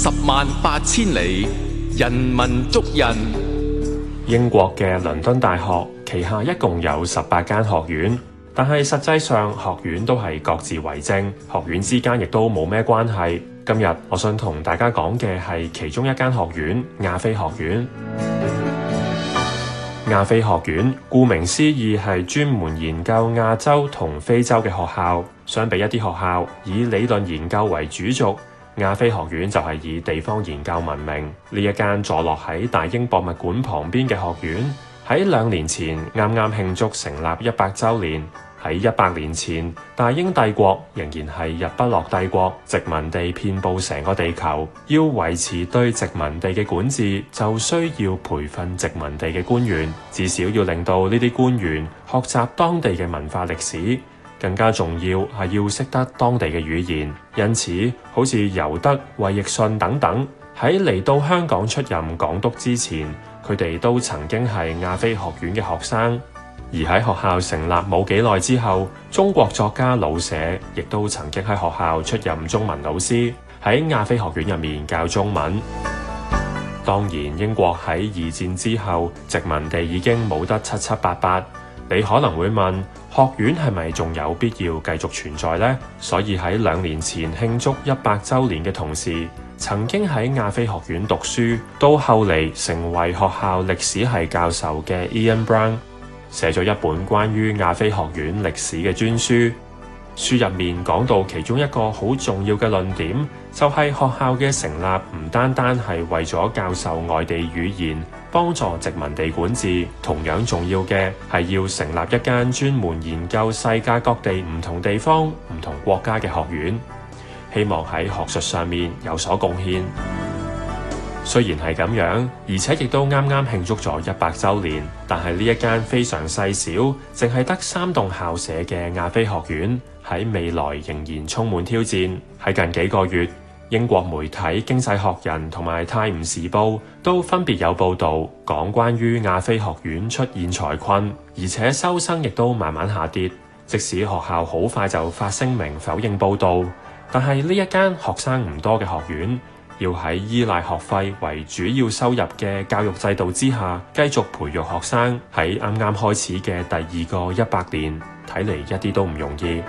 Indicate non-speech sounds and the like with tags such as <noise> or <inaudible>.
十萬八千里，人文足印。英國嘅倫敦大學旗下一共有十八間學院，但係實際上學院都係各自為政，學院之間亦都冇咩關係。今日我想同大家講嘅係其中一間學院——亞非學院。亞非學院顧名思義係專門研究亞洲同非洲嘅學校。相比一啲學校以理論研究為主軸。亞非學院就係以地方研究聞名。呢一間坐落喺大英博物館旁邊嘅學院，喺兩年前啱啱慶祝成立一百周年。喺一百年前，大英帝國仍然係日不落帝國，殖民地遍佈成個地球。要維持對殖民地嘅管治，就需要培訓殖民地嘅官員，至少要令到呢啲官員學習當地嘅文化歷史。更加重要係要識得當地嘅語言，因此好似尤德、衛奕信等等喺嚟到香港出任港督之前，佢哋都曾經係亞非學院嘅學生。而喺學校成立冇幾耐之後，中國作家老舍亦都曾經喺學校出任中文老師，喺亞非學院入面教中文。當然，英國喺二戰之後，殖民地已經冇得七七八八。你可能會問，學院係咪仲有必要繼續存在呢？所以喺兩年前慶祝一百週年嘅同時，曾經喺亞非學院讀書，到後嚟成為學校歷史系教授嘅 Ian Brown 寫咗一本關於亞非學院歷史嘅專書。書入面講到其中一個好重要嘅論點，就係學校嘅成立唔單單係為咗教授外地語言。幫助殖民地管治同樣重要嘅，係要成立一間專門研究世界各地唔同地方、唔同國家嘅學院，希望喺學術上面有所貢獻。 <music> 雖然係咁樣，而且亦都啱啱慶祝咗一百周年，但係呢一間非常細小，淨係得三棟校舍嘅亞非學院，喺未來仍然充滿挑戰。喺近幾個月，英國媒體《經濟學人》同埋《泰晤士報》都分別有報導講關於亞非學院出現財困，而且收生亦都慢慢下跌。即使學校好快就發聲明否認報導，但係呢一間學生唔多嘅學院，要喺依賴學費為主要收入嘅教育制度之下，繼續培育學生喺啱啱開始嘅第二個一百年，睇嚟一啲都唔容易。